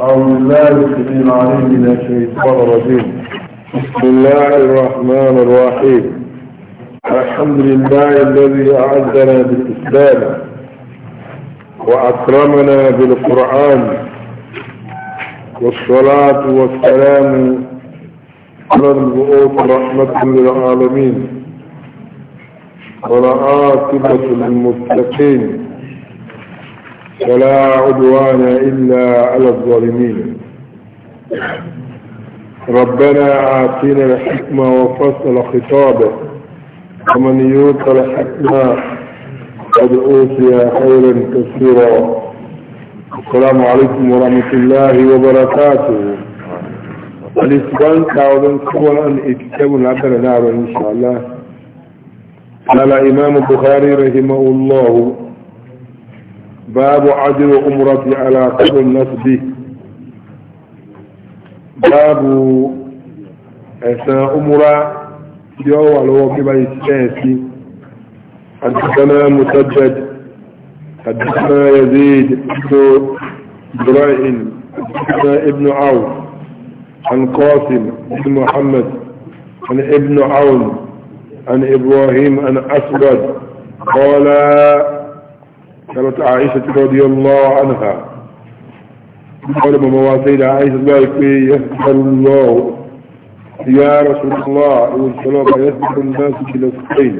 أعوذ بالله العليم من الشيطان الرجيم بسم الله الرحمن الرحيم الحمد لله الذي أعزنا بالإسلام وأكرمنا بالقرآن والصلاة والسلام على البؤوس رحمة للعالمين والعاقبة للمتقين ولا عدوان إلا على الظالمين ربنا آتينا الحكمة وفصل خطابه ومن يوت الحكمة قد أوتي خيرا كثيرا السلام عليكم ورحمة الله وبركاته الإسلام تعود أن إتكاب العبر نعم إن شاء الله قال إمام البخاري رحمه الله باب عدل عمرتي على قدر النسب باب أساء عمره يوى لو كما يتساسي حدثنا مسدد حدثنا يزيد بن إبراهيم حدثنا ابن عون عن قاسم بن محمد عن ابن عون عن إبراهيم عن أسود قال قالت عائشة رضي الله عنها قال ما مواسيد عائشة ذلك يهدى الله يا رسول الله والسلام يهدى الناس في بلسقين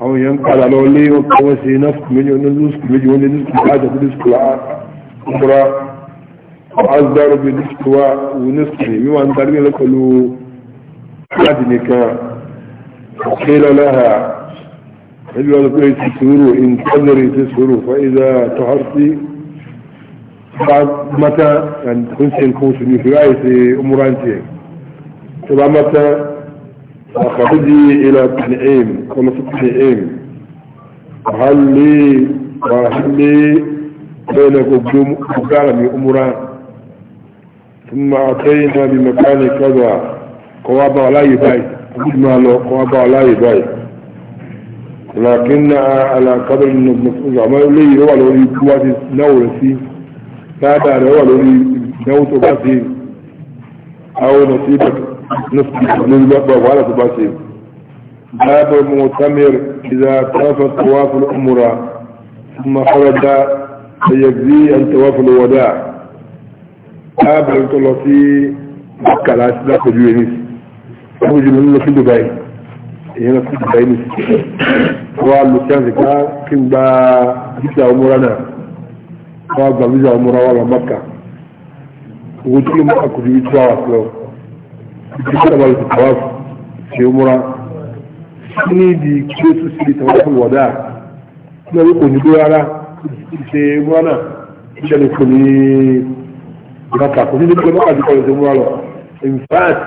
أو ينقل على لي وقوسي نفس مليون النسك مليون النسك حاجة في النسك الأخرى وأصدر بالنسك ونسكني مما أن ترمي لك حاجة نكا وقيل لها إذ يقول تسهروا انتظري تسهروا فإذا تحرتي بعد متى يعني تكونش الكوش اللي في رأيتي أمورانتي تبع متى أخذي إلى تنعيم كما تنعيم هل لي وهل لي بينك وبين أموران ثم أتينا بمكان كذا قوابا لا يباي أقول ما له قوابا لا يباي لكن على قدر ان عمل لي هو الذي كواد نور بعد على هو اللي نوت باسي أو نصيب نصيبك نصيبك وعلى تباسي باب المؤتمر إذا طاف طواف الامراء ثم خرج فيجزي ان طواف الوداع باب الطلسي مكة لا تلاقي جوينيس أوجد من في دبي هنا في دبي wa lu chance ka kí n gba visa umura náà wa gba visa umura wa lọ maka owó tí mo kà kò ju two hours lọ títí kí ọba lè ti tàwa ṣe umura ní ìdí kí ó tún sí ìtàwọn fún wọ̀dà ní ọdún kò ní bí rárá ṣe umura náà ìṣẹ̀lẹ̀ kò ní maka kò ní bí maka ju kọ́ lè ṣe umura lọ in fact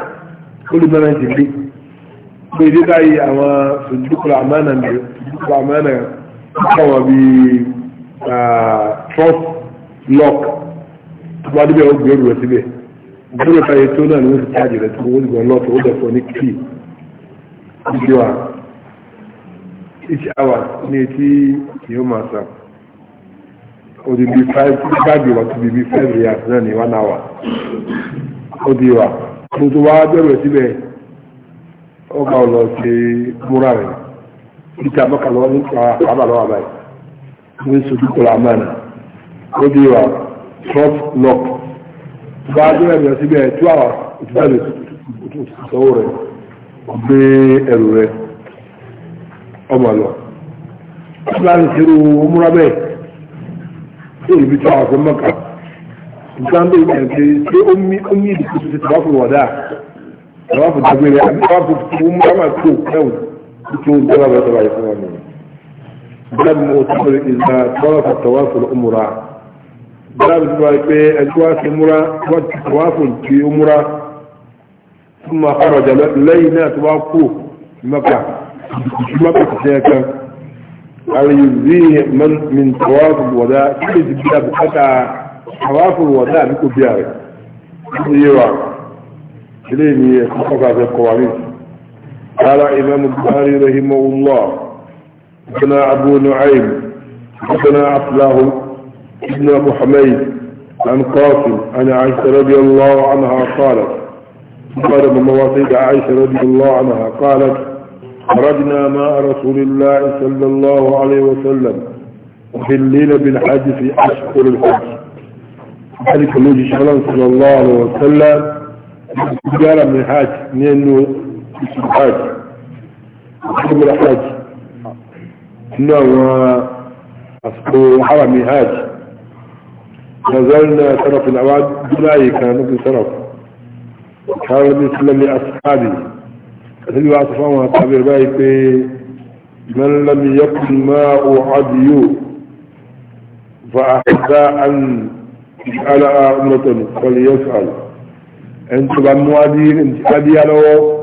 ó lè mẹ́rin ti gbé pé dídá yìí àwọn ìdúkùrọ̀ àmánà ìdúkùrọ̀ àmánà káwọn bí trust lock tó bá débẹ̀ ó gbé òrùwẹ̀ síbẹ̀ gbọ́dọ̀ káyé tó náà ni wọ́n ti tájì rẹ̀ tó wọ́n gbọ́n lọ́tọ̀ ó dẹ̀fọ́ ní kí ìdí wa each hour ní etí yóò máa sàn ó di bí five five yóò wá tó di bí five reals náà ní one hour ó di wa mo tó wá bẹ̀rẹ̀ síbẹ̀. o máa lọ ṣe múra rẹ̀ níta mọ́kà lọ́wọ́ nípa àbá lọ́wọ́ ọ ní sojú kọlá àmàna ó di wa trot lock bá a dúró ẹ̀rọ síbẹ̀ tú àwà ìtúbàdì ìsọwọ́ rẹ̀ gbé ẹrù ọ ọmọ lọ. Ọba ń ṣerú múra bẹ́ẹ̀ ṣé ibi tí àwọn ọ̀sán mọ́kà nǹkan bẹ́ẹ̀ ní ẹ̀ ṣe ṣé ó ìdíkùsù ti àwọn àbùdàgbére àbúrò fún mú àwọn àti òkú ẹ̀wù tó ń dára bẹ́ẹ̀ tọ́lá ìfún wọn nìyẹn. bẹ́ẹ̀ mo tó lè ìgbà tọ́lá fún tọ́wá fún ọmúra bẹ́ẹ̀ bí wọ́n pé ẹjọ́ wá sí múra wọ́n ti tọ́wá fún ti múra fún ma kọ́rọ̀ jẹ lẹ́yìn náà tó bá kú mẹ́ka mẹ́ka ti sẹ́yẹ kan. àlùyìí mi tọ́wá fún wọ́dà kí lè ti bí abùkátà tọ́wá fún wọ́dà àbíkú bí àrẹ̀ إليه يتفق في القوانين قال إمام البخاري رحمه الله حدثنا أبو نعيم حدثنا أفلاه ابن أبو حميد عن قاسم عن عائشة رضي الله عنها قالت قال من مواطيد عائشة رضي الله عنها قالت خرجنا مع رسول الله صلى الله عليه وسلم في الليل بالحج في أشهر الحج ذلك النبي صلى الله عليه وسلم التجارة من الحاج من انه الحاج من الحاج انه اصبحوا حرم الحاج نزلنا طرف الاوان بلاي كان نبي طرف كان النبي صلى الله عليه لاصحابه النبي عليه الصلاه من لم يكن ما أعدي فأحبى أن يسأل أمة فليسأل ẹni tó bá mú adíyá lọ́wọ́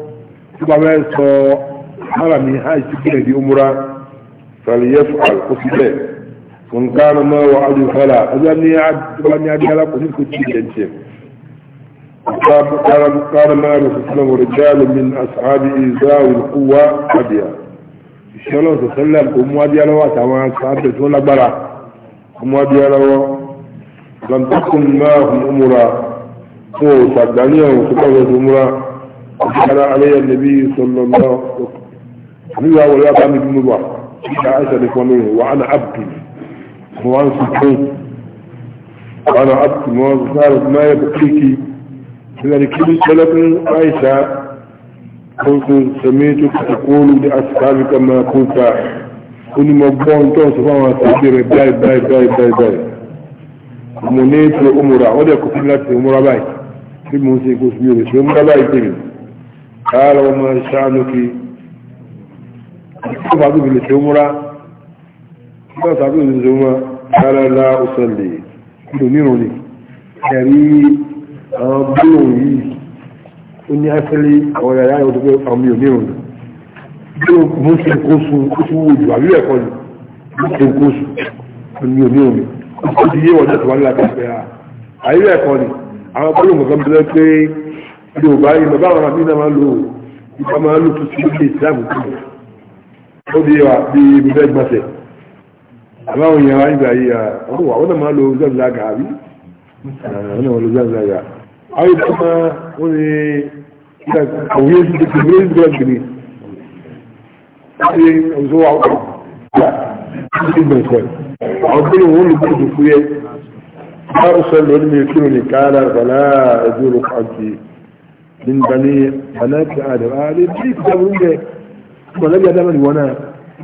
tó bá fẹ́ sọ hàrà mi hajj tó kílẹ̀ di umra fàlìyẹ fàl kó fi bẹ́ẹ̀ fún kánà mọ́ wa adé fàlà ọjọ́ ní adíyá lápò ní kò tí ì jẹ́ قال ما وسلم رجال من أصحابه ذاوي القوة أبيا الشيخ الله وسلم أمو أبيا لو أتوا أصحابه تقول لك برا أمو أبيا لو لم تكن معهم أمرا هو صدقني أو سكوة الجمرة وكان علي النبي صلى الله عليه وسلم هو ولا تعمل بن الله عائشة لفنونه وأنا عبدي وأنا سكوت وأنا عبدي وأنا ما يبقيك إلا لكل سلف عائشة كنت سميتك تقول لأصحابك ما كنت كل ما بون تو سبحان الله باي باي باي باي باي منيت الأمور ودك في الناس الأمور باي bí mo ṣe kó mi ò ṣe ń bá láì tèmi káàrọ̀ ọmọ ṣáánú kí ọmọ àgbègbè lè ṣe ń múra ọmọ àgbègbè lè ṣe ń múra káàrọ̀ ńlá òṣèlè kí ló nírun ni ẹ̀rí àwọn gbóòrò yìí ó ní ásẹ́lé àwọn yàrá yóò tó pé àwọn mi ò nírun ni bí mo ṣe kó sun ó ti wúwo jù àbí ẹ̀kọ́ ni mo ṣe kó sun mi ò nírun ni ó ti yé wọ́n náà tó wá nílá kẹfẹ́ àyè ẹ̀kọ́ ni àwọn gbólóhùn kan bẹ́ẹ̀ pé yorùbá yìí bàbá àwọn àmì náà máa lò ìfọ̀ máa lò tuntun lókè ìsìlámù tó lò ó di wa bí ibùdó ìgbọ̀nsẹ̀ àbáwọn èèyàn wa nígbà yìí ọ̀rọ̀ àwọn náà máa lo zanzan gàbí àwọn náà máa lo zanzan gà àwọn ìfọ̀ máa wọ́n ní àwòyé ti ti wúlé ti gbọ́dọ̀ gbìn ní ọ̀sọ́ àwọn ìgbọ̀nsẹ̀ àwọn gbólóhùn wọn lò أرسل أصلي لم يكلني قال فلا أزور حجي من بني بنات آدم آدم كيف تقولون لي ولا بي آدم وانا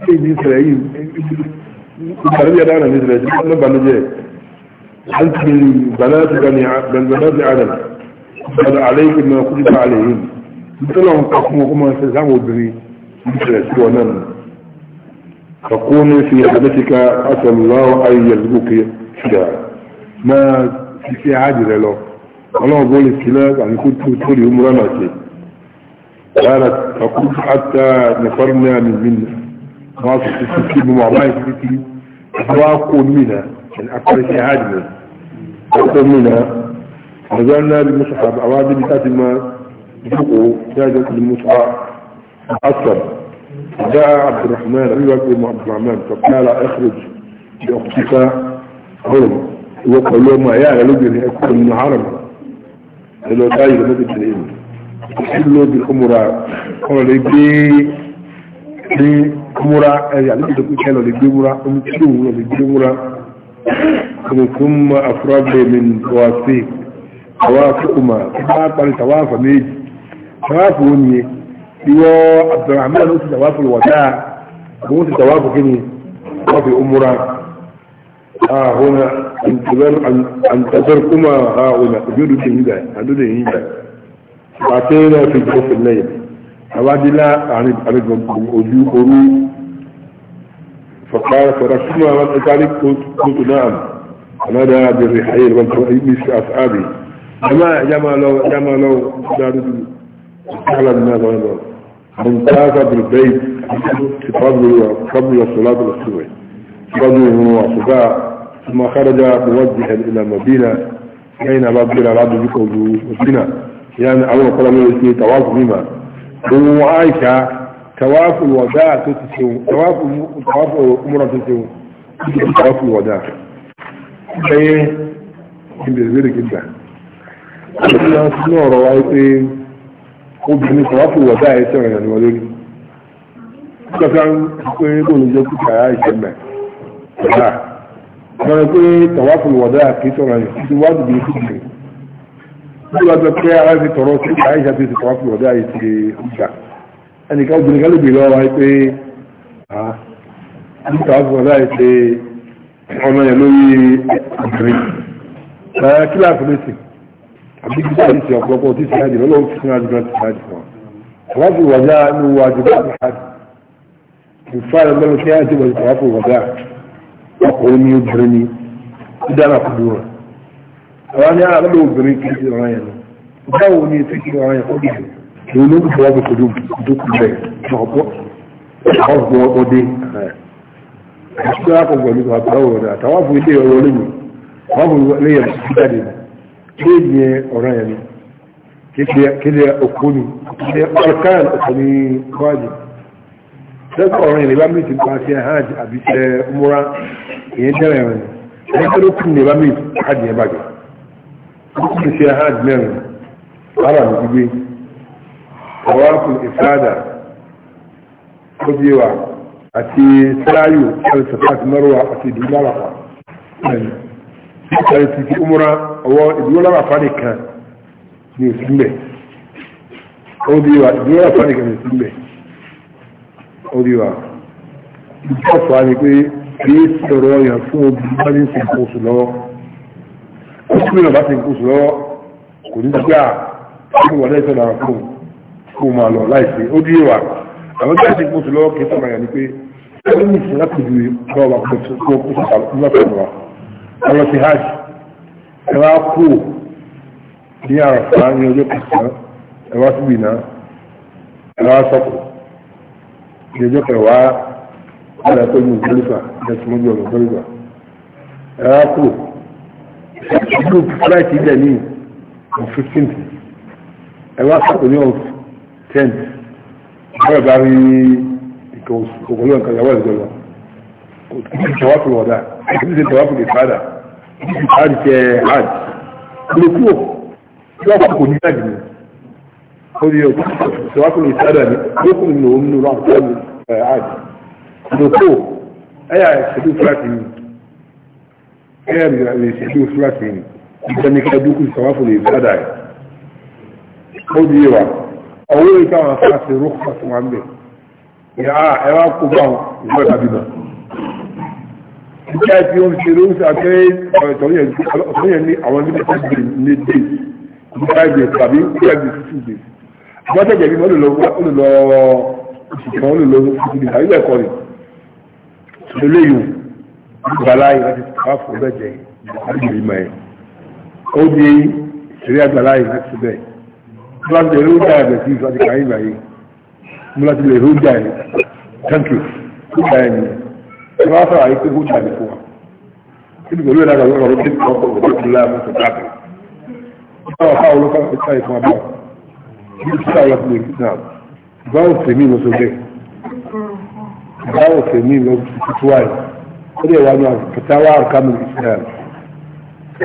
في بني إسرائيل ولا بي آدم من إسرائيل ولا بني أنت من بنات بني من بنات آدم قال عليك ما كتب عليهم طلعوا قسموا هم ساموا بني سرعين وانا فكوني في حدثك أسأل الله أن يرزقك شجاعة máa fi sí àájì rẹ lọ ọlọ́run bó lè sílẹ̀ àti kó tó tó lè múra náà ṣe lára ọkùn àtà nìkọ́rin náà ní mímu wọn sọ sí títí mo máa báyìí títí wọn á kó mí náà ẹni akọrin sí àájì rẹ ọkọ mí náà ọjọ́ náà bí musa àwọn adébí káti máa dúkòó ní àjọ kìlì musa asọ̀r جاء عبد الرحمن أبي بكر عبد الرحمن فقال اخرج بأختك هرم وقالوا ما يا لجل يكون من حرم لو تاي ما تدري كله بالامور قال لي بي بي كمورا يعني بده يكون له بيمورا ام كيلو له بيمورا ثم افراد من قواسي قواس ما ما قال توافا ميج توافوني يو عبد الرحمن لو توافوا الوداع هو توافوا كني في امورا ها هنا انتظر انتظركما ها هنا وجود تنجا عدد ينجا باتينا في جوف الليل حوادلا عن الارض وجوه فقال فرسما من ذلك قلت نعم دا بالرحيل والترئيب في اصحابي جماعة جما لو جما لو دارد أهلا الناس أيضا من تاز بالبيت تفضل وصلاة الصبح تفضل وصلاة ثم خرج موجها إلى مدينة حين ربنا العبد بك مدينة يعني أول قرآن يسمي طواف بما هو عائشة طواف الوداع تتسيون طواف طواف أمرة تتسيون طواف الوداع ايه بالنسبة لك انت أنا أسمع روايتي obìnrin kan wá fún wọ̀dá ẹ̀ tí ọ̀rìn àníwọ̀ lórí àwọn pé tàwáfù wọ̀dá kì í sọ̀rọ̀ yìí ti wádìí bí kú jù bí wọ́n sọ pé ara ti tọ̀rọ̀ sí àìsà ti tàwáfù wọ̀dá yìí ti gbà ẹnìkan obìnrin kan lè bèèrè ọ̀rọ̀ pé àbí tàwáfù wọ̀dá yìí ti ọmọ yẹn lórí obìnrin ẹ̀ kíláàsì lè sìn àbí kíkọ́ àti ti ọ̀pọ̀lọpọ̀ tí ti hajj lọ́wọ́ fi sinmi àjùmọ̀ ti hajj wọn tàwáfù wọ̀dá ọkùnrin ní obìnrin ní dídára fúdú rẹ̀ àwọn ní àlọ́ obìnrin kìí ṣe ọ̀ràn yẹn lọ báwo ni ètò ìṣe ọ̀ràn yẹn kọ́bí rẹ̀ lòun ló kọ́ ọ́bẹ̀ kò dókù bẹ̀ ọ̀pọ̀ ọ̀pọ̀ ọdẹ àti àpò pẹ̀lú àbáwọ̀ rẹ̀ àtàwọn àbò ilé ọ̀rọ̀ lẹ́yìn àwọn àbò ilé yẹn ti jáde ní kí ni ọ̀ràn yẹn ni kí ni okùn ni kí ni ọ̀ràn yẹn ni lẹ́kọ̀ọ́ ọ̀rìn lè bá méjì nípa ṣe hajj àbí ṣe múra ìyẹn jẹ́rẹ̀ ẹ̀rọ ni ẹni tó lókùn lè bá méjì hajj yẹn bàjẹ́ lókùn ṣe hajj mẹ́rin ara mi gbígbé ọ̀wáàkù ìfáàdà tó bí wa àti sáyò ẹ̀rọ sàfàtì àti ìdúró láràfà ẹ̀rọ ti ti ìdúró láràfà orí wa ìjọba ni pé kì í sọ̀rọ̀ yàn fún obìnrin bá ní sìnkú oṣù lọ́wọ́ ó tún yàn bá sìnkú oṣù lọ́wọ́ kò ní gbà fún wọlé ìtọ́nà fún fún máa lọ láìsí ó dí wa àwọn bá sìnkú oṣù lọ́wọ́ kì í sọ̀rọ̀ yàn ni pé ó ní ìsìn láti ju ọ̀rọ̀ wa kó tó kó tó tàbí lọ́sọ̀rọ̀ wa ọlọ́ ti hajj ẹ kú ní àràfà ní ọjọ́ kẹsàn-án ẹ wá síbì náà ìjọjọ́ kẹwàá ọ̀dà tó ní ìgbàlùfà ìdásímọ́jú ọ̀nà ìgbàlùfà ẹ̀rá kù ìlú fúláìtì ilẹ̀ ní on fifteenth ẹ̀wá sọ̀tò ní on tenth ìbára bá rí ìkọ̀ òkòló nǹkan ìyàwó ẹ̀dọ́ lọ kò tí tẹ̀wá fún ọ̀dà kò tí tẹ̀wá fún ìfàdà kò tí tẹ̀wá fún ìfàdà kò tí tẹ̀wá fún ìfàdà kò tí tẹ̀wá fún ìfàdà orí ọjọ́ ìṣòwákùnrin ìṣẹ́dà ní lókùnrin ní òun nínú àpẹẹrẹ ààdì lókò ẹ̀yà ìṣẹ́lú fúláàtì ní ẹ̀yà ìṣẹ́lú fúláàtì ní ìjẹnìkà dúkù ìṣòwákùnrin ìṣẹ́dà rẹ̀ ó di wa ọwọ́ ìta àwọn afáàṣẹ rúkà tó wà ń bẹ̀ ìyá ẹwà kó bá wọn ìgbẹ́ tàbí bá ìjẹ́ tí ó ń ṣe lóṣù àkẹ́rẹ́ ọ̀tọ̀yẹ̀ ní àwọn nígbà tí gbé ní days five days tàbí five days six days gbọ́dọ̀ jẹ̀bi mọ́ olùlọ oṣù kan olùlọ oṣù kìlì àyíbẹ̀ kọ́ ni eléyìí gbàláyé láti bá fún bẹ́ẹ̀ jẹ àgbèrè mọ́ ẹ̀ ó di ìṣeré àgbàláyé láti bẹ́ẹ̀ mo láti lè rúdà ẹ̀ sí ìfọ̀ àti kàyé ìgbà yìí mo láti lè rúdà ẹ̀ tẹ́ǹkì rúdà ẹ̀ ni ẹ máa fẹ́ àyíkú rúdà ẹ̀ fún wa kí ni pẹ̀lú ẹ̀dá kan ló dé ọkọ̀ òkú nígbà yẹ kúlẹ̀ títà báwo tèmi lọ sókè báwo tèmi lọ tuntun wáyé ó dẹ̀ wá ní àkàtàwá àkàmù islam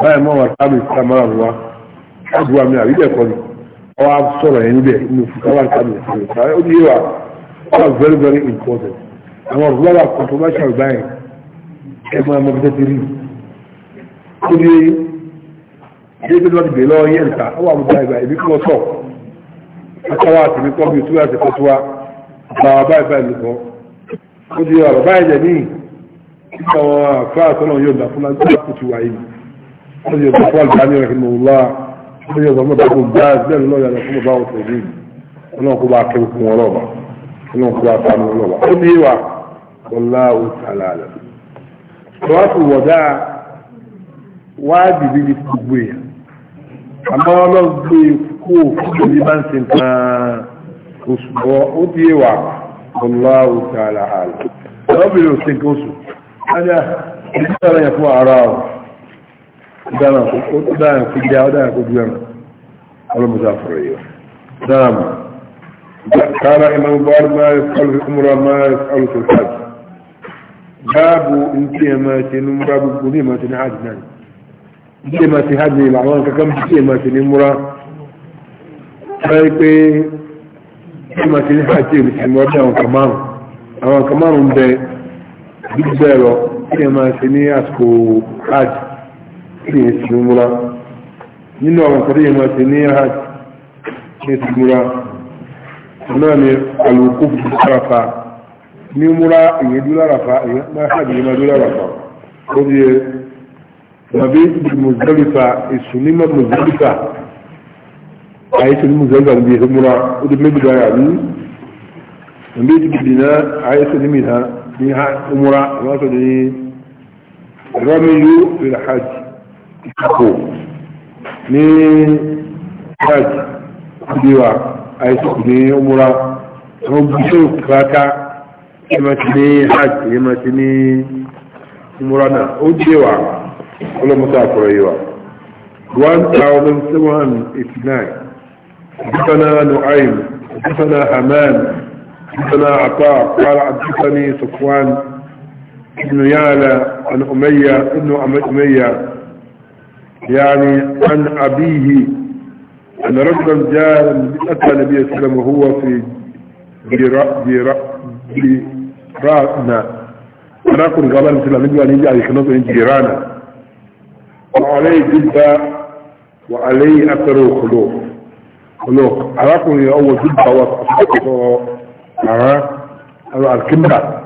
báyìí mọ́ àkàmù islam máa wá ádùúwà mi àbí bẹ́ẹ̀ kọ́ ni ọwọ́ á sọ̀rọ̀ yẹn níbẹ̀ nínú fúkàwá àkàmù islam ó ní yíwa ó wà very very important àwọn ọ̀rọ̀ wà controversial báyìí ẹ máa mọ bíjẹ́ ti rí ó ní ẹgbẹ́ tó ti bèèrè lọ́wọ́ yẹn ta ó wà mú báyìí báyìí bí kò sọ̀rọ̀ akawa àtìmí kọ́ bí túwá ti fọ́túwá bàbá báyìí báyìí lùkọ́ ó di ọ̀rọ̀ báyìí jẹ̀ ní ìgbà wọn àfẹ́ àtọ́nà yóò dà fún lágbára kùtù wáyé ó di ọ̀rọ̀ fún àgbà ní ọ̀rẹ́ mọ̀ ó di ọ̀rọ̀ mọ̀ bá kó gbá bẹ́ẹ̀ lọ́ọ̀ yàrá fún bàbá òtò yìí ọlọ́run kó bá kẹ́ fún wọn lọ́ba ọlọ́run kó bá ta wọn lọ́ba àmọ́ ọlọ́gbé e kó bụ ní bá ń o nǹkan oṣù bọ́ ó ti yé wà Allahu ta'ala àlà ọlọ́bìnrin ò se oṣù ájá ìdí sára yẹn fún ara kó jẹ́ kó jẹ́ ọlọ́mọdé àfọ̀rọ̀ yìí díẹ̀ máa ti hajj ìlà àwọn kankan bí díẹ̀ máa ti ní múra báyìí pé díẹ̀ máa ti ní hajj ìlú ti mọ́ bí àwọn kan márùn àwọn kan márùn ń bẹ bí bẹ́ẹ̀ lọ díẹ̀ máa ti ní àsìkò hajj tí èyí ti múra nínú àwọn kan díẹ̀ máa ti ní hajj tí ti múra náà ni àlùkò fún àràfà ní múra ìyẹn dúró àràfà ìyẹn máa hajj ìyẹn máa dúró àràfà ó di tàbí mùsùlùmífà ìsúnímà mùsùlùmífà àyè tó ní mùsùlùmífà níbi èso múra ó di méjì dára ní ẹ̀mí ti bìbì náà ha múra wọ́n sọ ní rọ́míyú ìlàhàj ìkàkó ní hajj kùdíwà àyè tó kù ní múra wọ́n bí sóò kàkà ẹ̀mà ti ní hajj ẹ̀mà ti ní كل مسافر ايوه وان wa سوان اثنان حدثنا نعيم حدثنا حمام حدثنا عطاء قال حدثني صفوان بن يالا عن أمية ابن أمية يعني عن أبيه أن رجلا جاء النبي صلى الله عليه وسلم وهو في جيراننا أنا أقول قبل مثل النبي أن الصلاة والسلام جيرانا وعليه جدة وعليه أثر الخلوق خلوق أراكم يا أول جبة وأصدقوا أرى أرى الكمرة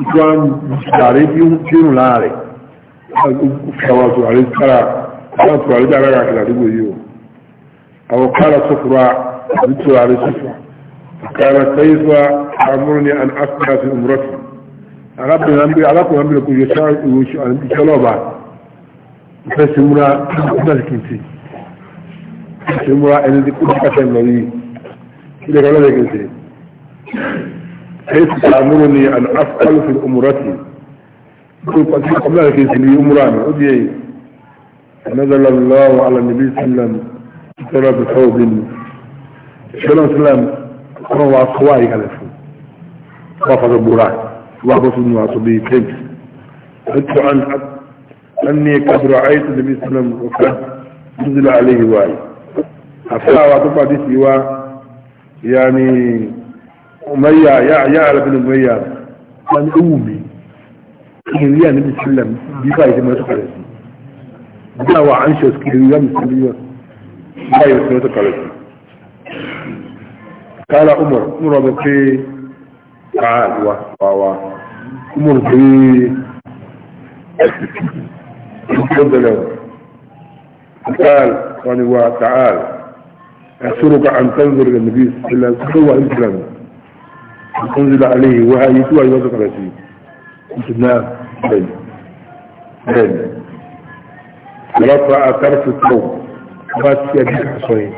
إخوان تعريف يمكن لاري فواتوا عليه ترى فواتوا عليه ترى كلا تقول أو قال صفراء بنتوا عليه صفراء فقال سيدوا أمرني أن أفعل في أمرتي ربنا أنبي أراكم أنبي لكم يشاء يشاء الله بعد ìfẹ́ sí múra ìgbàlẹ̀kìntì ìfẹ́ sí múra ẹni tí kú kàfẹ́ lọ yìí ilẹ̀ kàlẹ̀kìntì ẹ̀yẹ́ ti sàmúrò ní àná afẹ́lùfẹ́ òmùrọ́tì kọmọlẹ̀kìntì ní òmùrà mi ó di èyí ẹ̀nàdàlá lọ́wọ́ alàmìlì sílẹ̀m tọ́lá bẹ̀fẹ́ òbí mi ṣẹlẹ̀ sílẹ̀m ọ̀rọ̀ wa kọ́wà ìkàlẹ̀ fún wà fàtọ̀ bùrà wà bọ́ sínú àtọ̀bí pẹ́ntì أني قد رأيت النبي صلى الله عليه وسلم نزل عليه واي أفلا وطبع دي سوا يعني أمية يا يعلى بن أمية من أومي يا النبي صلى الله عليه وسلم بفاية ما تقرأ صلى الله عليه وسلم بفاية ما تقرأ قال عمر عمر بقي تعال عمر بقي الحمد قال قال أن تنظر إلى النبي صلى الله عليه وسلم أن تنزل عليه وهي يتوى يوزق رسيب قلت نعم بين بين رفع طرف الثوب واتي أبيك حصين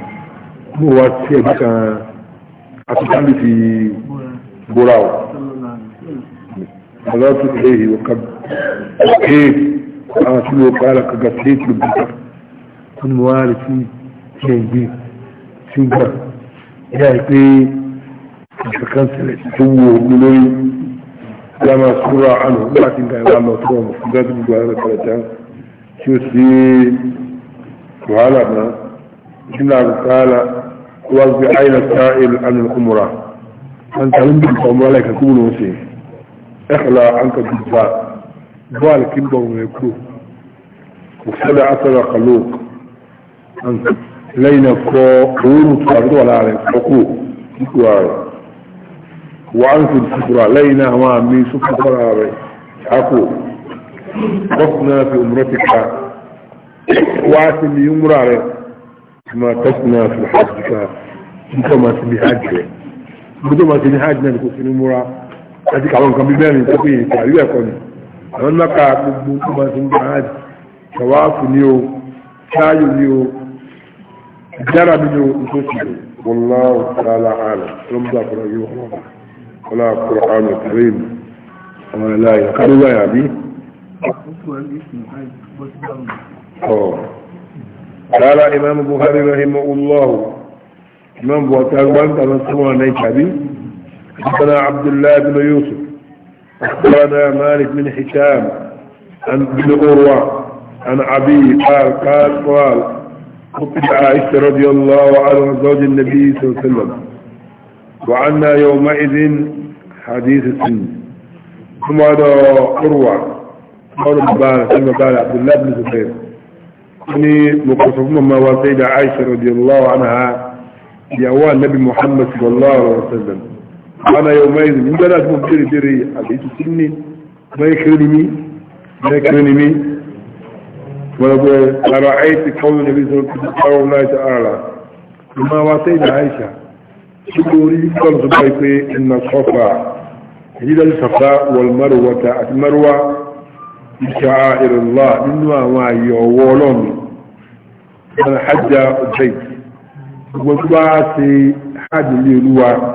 واتي أبيك أتتعلي في براو حضرت إليه وقد أكيد àwọn tí mo kọ́ alákọ̀ gà sí ètò ìgbà tó ní mo wá rí sí ṣe ń gbé sí gbà ìyá ẹ̀ pé ìṣọ̀kan sílẹ̀ tó wù ú lórí lámà súra àná nígbà tí nǹkan ìwà lọ tó wọn fún dájú gbogbo ara rẹ̀ kọ̀ọ̀tà tí ó sì wàhálà náà jùlọ àgùkálà wọ́n gbé àyìnlá sáà ìlú àmì ọmọra àǹtàlùmí ọmọ aláìkàkùn ló ń ṣe ẹ̀kọ́lá àǹkà dùgbà بوال كيمبو ويكو وكذا أثر خلوق أنت لين كو قول تفرد ولا عليك حقوق كوار وأنت الكفر لين ما مي سكفر عليك حقوق قصنا في أمرتك وعسل يمر عليك ما قصنا في حجك انت ما تبي حجك بدون ما تبي حجنا نكون هذه المرأة هذيك عوان كان بيباني تقوي تعريبها كوني àwọn mẹ́ka gbogbo tó bá ti ń gbà hajj tawaafu ni o ṣááyò ni o ìjára mi ni o tó ti wallahu ta'ala a'lam ọlọ́mọdé àkọ́rọ̀ yìí wọ́n wọ́n àkọ́rọ̀ àmì kìrìm àwọn ẹ̀láyà kárí wáyà bí. قال إمام البخاري رحمه الله إمام بوتان وانت أنا سمعنا كبير حدثنا عبد الله بن يوسف أخبرنا مالك بن حكام عن بن أروى عن أبي قال قال قال خطب عائشة رضي الله عنها زوج النبي صلى الله عليه وسلم وعنا يومئذ حديث السن ثم هذا أروى قول مبارك عبد الله بن زبير أني mo مما fún عائشة رضي الله عنها radiyallahu anha محمد صلى الله عليه وسلم أنا يومين من بلاد مبتري بري أبيت سني ما يكرني ما يكرني ورأيت قول النبي صلى الله عليه وسلم لما واتينا عائشة شكوري قال صبايكي إن الصفا إلى الصفا والمروة المروة بشعائر الله إنما ما يوولون من حج البيت وقبعتي حج اليلوان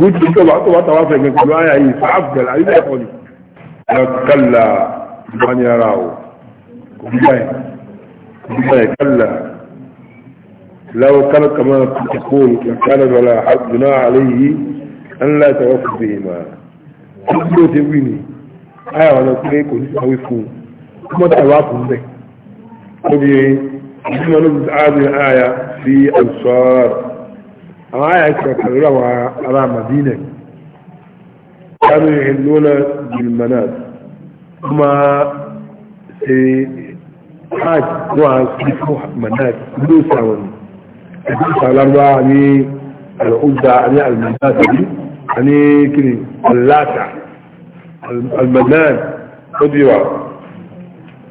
قلت لك بعض بعض وافق يقول لا هي فعفقل عليه يقول كلا من يراه كلا كلا لو كان كما تقول كان ولا حد جناح عليه أن لا يتوفى بهما كله تبيني آية أنا كلي كنت كما تعرفون ذلك أبي لما هذه الآية في أنصار أما آية كثيرة وعلى مدينة كانوا يحلون بالمناد أما في حاج هو سيفو مناد موسى وني موسى الأربعة يعني الأوزة يعني المناد يعني كني اللاتع المناد خذوا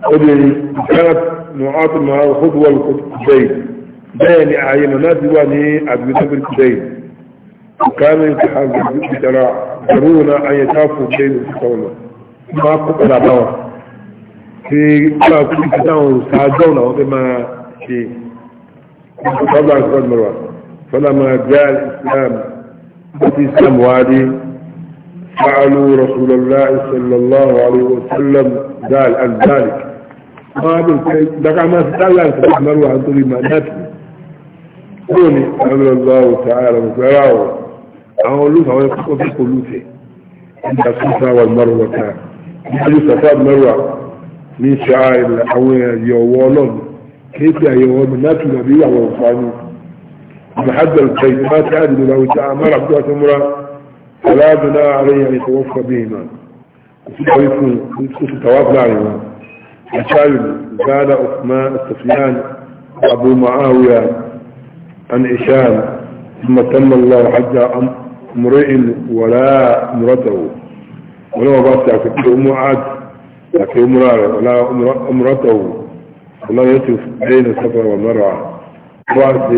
خذوا كانت معاطمة الخطوة الخطوة بين عينونات واني أبي ذر الكدين وكانوا يتحذرون أن يتعفوا الدين في قوله ما قبل دور في كل كتاب ساعدون وبما شيء طبعا سؤال مروان فلما جاء الإسلام في إسلام وادي فعلوا رسول الله صلى الله عليه وسلم قال عن ذلك قالوا لك ما في الله سبحانه وتعالى ما ناتي kóòní ọlọ́lọ́wọ́ tààrà gbẹ́rà ọ̀ àwọn olùfà wọn kọ́ bí kò lùfẹ́ nígbà tó sá wà mọ́rùwà ta nígbà tó sá mọ́rùwà ní ṣáà ilẹ̀ àwọn ẹ̀yọ̀ ọwọ́ ọlọ́run kéèké àyẹ̀wò ọmọ láti lọ bí àwọn òfààní محد البيت ما تعد لو تعمر عبد الله فلا بناء عليه ان يتوفى بهما ويكون توافى عليهما مشاعر زاد عثمان السفيان ابو معاويه عن هشام ثم تم الله حج امرئ ولا امرته ولا بس يعتقد أم عاد لكن أمرار ولا امرته ولا يصف بين السفر والمرعى بعد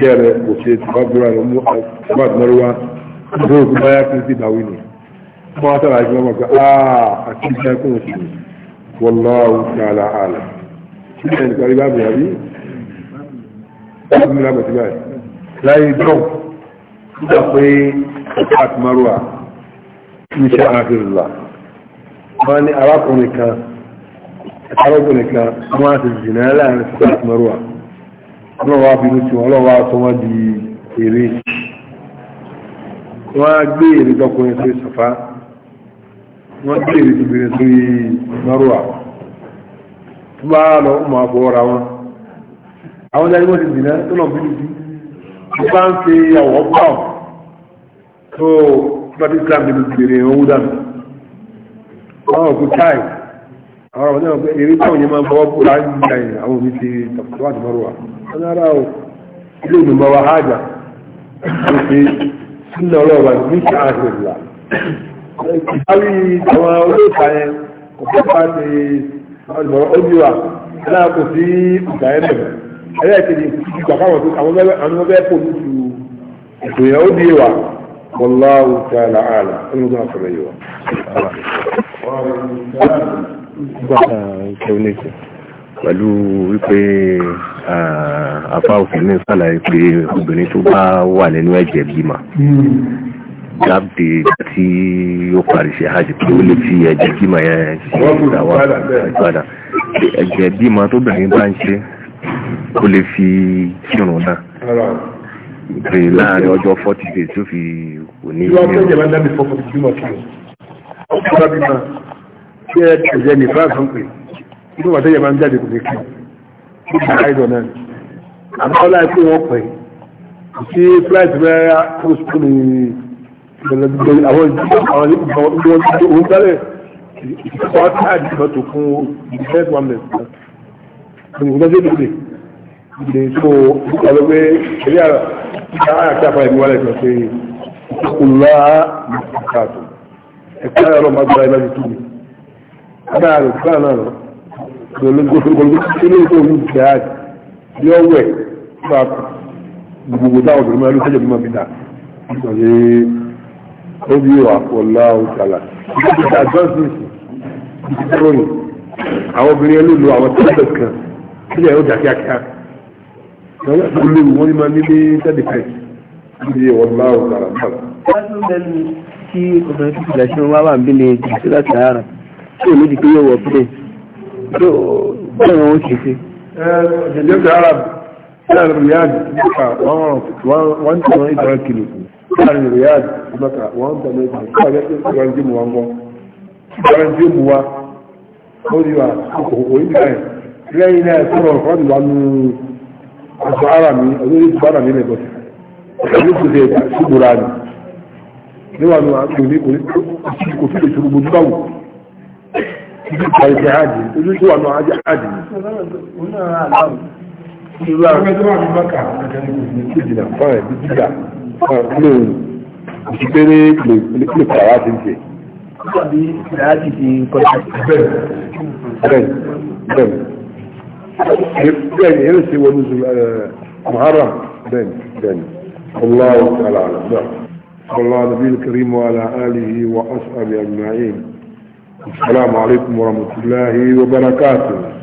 كان وشيت خبر أم بعد مروة هو ما يأكل في داوينه ما ترى إسلام آه أكيد سيكون والله تعالى عالم شكرا لك أبي láti mú lágbàtí báyìí láyé dọ́n nígbà pé pat marwa iṣẹ́ àfihàn wọ́n ní arákùnrin kan arákùnrin kan wọ́n ti jìnà láàrin sí pat marwa wọ́n wá bínú tí wọ́n lọ́wọ́ tó wọ́n di èrè wọ́n á gbé èrè dọ́kùnrin sí sàfá wọ́n gbé èrè dọ́kùnrin sí marwa tó bá lọ ọmọ àbọ̀ ọ̀ra wọn àwọn ẹni wọ́n ti dìnnà tó lọ bí lùdí tó bá ń ṣe àwọ̀ pọ̀ tó bàbí Islam nínú gbèrè owó dànù àwọn òkú táì àwọn ọmọdé wọn pé eré táwọn yẹn máa bọ́ bó láyé nígbà yẹn àwọn òní ti tọ̀pọ̀tọ̀ àti mọ́rọ̀ wa wọn ara o ilé ìgbìmọ̀ wa hájà ló ṣe sínú ọlọ́rọ̀ wa ní ọdún wa aláàkó sí ìgbà yẹn ẹlẹ́ẹ̀kejì ìsìnkú gbà káwọn tó àwọn mẹ́fẹ́ àwọn mẹ́fẹ́ pò ní ju ètò yẹn ó di wa wọláwù tààlà àlà ẹni tó máa sọ̀rọ̀ yìí wa. pẹ̀lú wípé apá òfin ní sàlàyé pé obìnrin tó bá wà nínú ẹ̀jẹ̀ bímọ jáde tí ó parí ṣe hajj pé ó lè fi ẹ̀jẹ̀ bímọ yẹn ṣe ìdáwà ìgbàdà ẹ̀jẹ̀ bímọ tóbìnrin bá ń ṣe kó lè fi kírun náà pé láàrin ọjọ́ forty days tó fi kò ní ìlú. ìwà ọjọ́ ìjọba before forty two months kírun. ó ti bá bí máa ṣé ẹ ẹ̀jẹ̀ ní france ń pè inú wàtí ìjọba ń jáde kò lè kírun kí ni àìdọ̀ náà ni. àbúkọ́ láì pé wọ́n pẹ̀ sí flight rẹ̀ kó ìdè tó dúkà ló pé eré àrà àti àpá ìlú wálẹ̀ sọ pé ìtòkùnlá ìkàtò ẹ̀kọ́ ara ọlọ́mọ agbára ẹ̀ láti túbi ara rẹ̀ kọ́ náà lọ gbogbo tó ń jẹ́ àti yọ wẹ̀ bá gbogbo táwọn obìnrin máa ló sẹ́jọ̀ bí máa fi dà nítorí ó bí wà pọ̀lá òtàlà ìgbésẹ̀ àjọsìn ìtìtìròyìn àwọn obìnrin ẹlòlò àwọn tó ń bẹ̀ kan sílẹ̀ ó jà kíákíá olórí wọn ni máa ní ní tẹ́lẹ̀ fẹ́ ní wọn máa ń kàrà náà. wọ́n bẹ mi tí obìnrin tó tilẹ̀ ṣe wá wà ń bílẹ̀ jù sí láti ara tí èmi di pé yóò wọ pílẹ̀ tó bẹ́ẹ̀ wọn ó ṣe ṣe. jẹjẹrẹ ti ara láàrin riyad nípa one thousand eight hundred kilo láàrin riyad nípa one thousand eight hundred kilo láàrin riyad nípa one thousand eight hundred kilo lórí wa òyìnbó ẹ̀ lẹ́yìn náà sọ̀rọ̀ fọ́ọ̀dù wa nù ọ̀sọ̀ ara mi olórí ìtùkú ara mi lè bọ̀tì ìlú kò tẹ̀ ṣùgbọ́ra mi níwọ̀n ní àti òní kò sí kò sí lè ṣòro gbogbo báwò ìlú ìtùkú ara ìtẹ̀ àjì ojú tó wà náà ajá àjì mi. ìlú àwọn ọmọ ẹgbẹ́ wà ní bákà ìjìnà fáwọn ẹbí jíjà fáwọn ilé òun ìṣípéré lè pàrọ̀ àti ìṣe. bẹ́ẹ̀ bẹ́ẹ̀ bẹ́ẹ̀. يعني هرسي ونزل آه، محرم بني بني الله تعالى اعلم نعم صلى الله على النبي الكريم وعلى اله واصحابه اجمعين السلام عليكم ورحمه الله وبركاته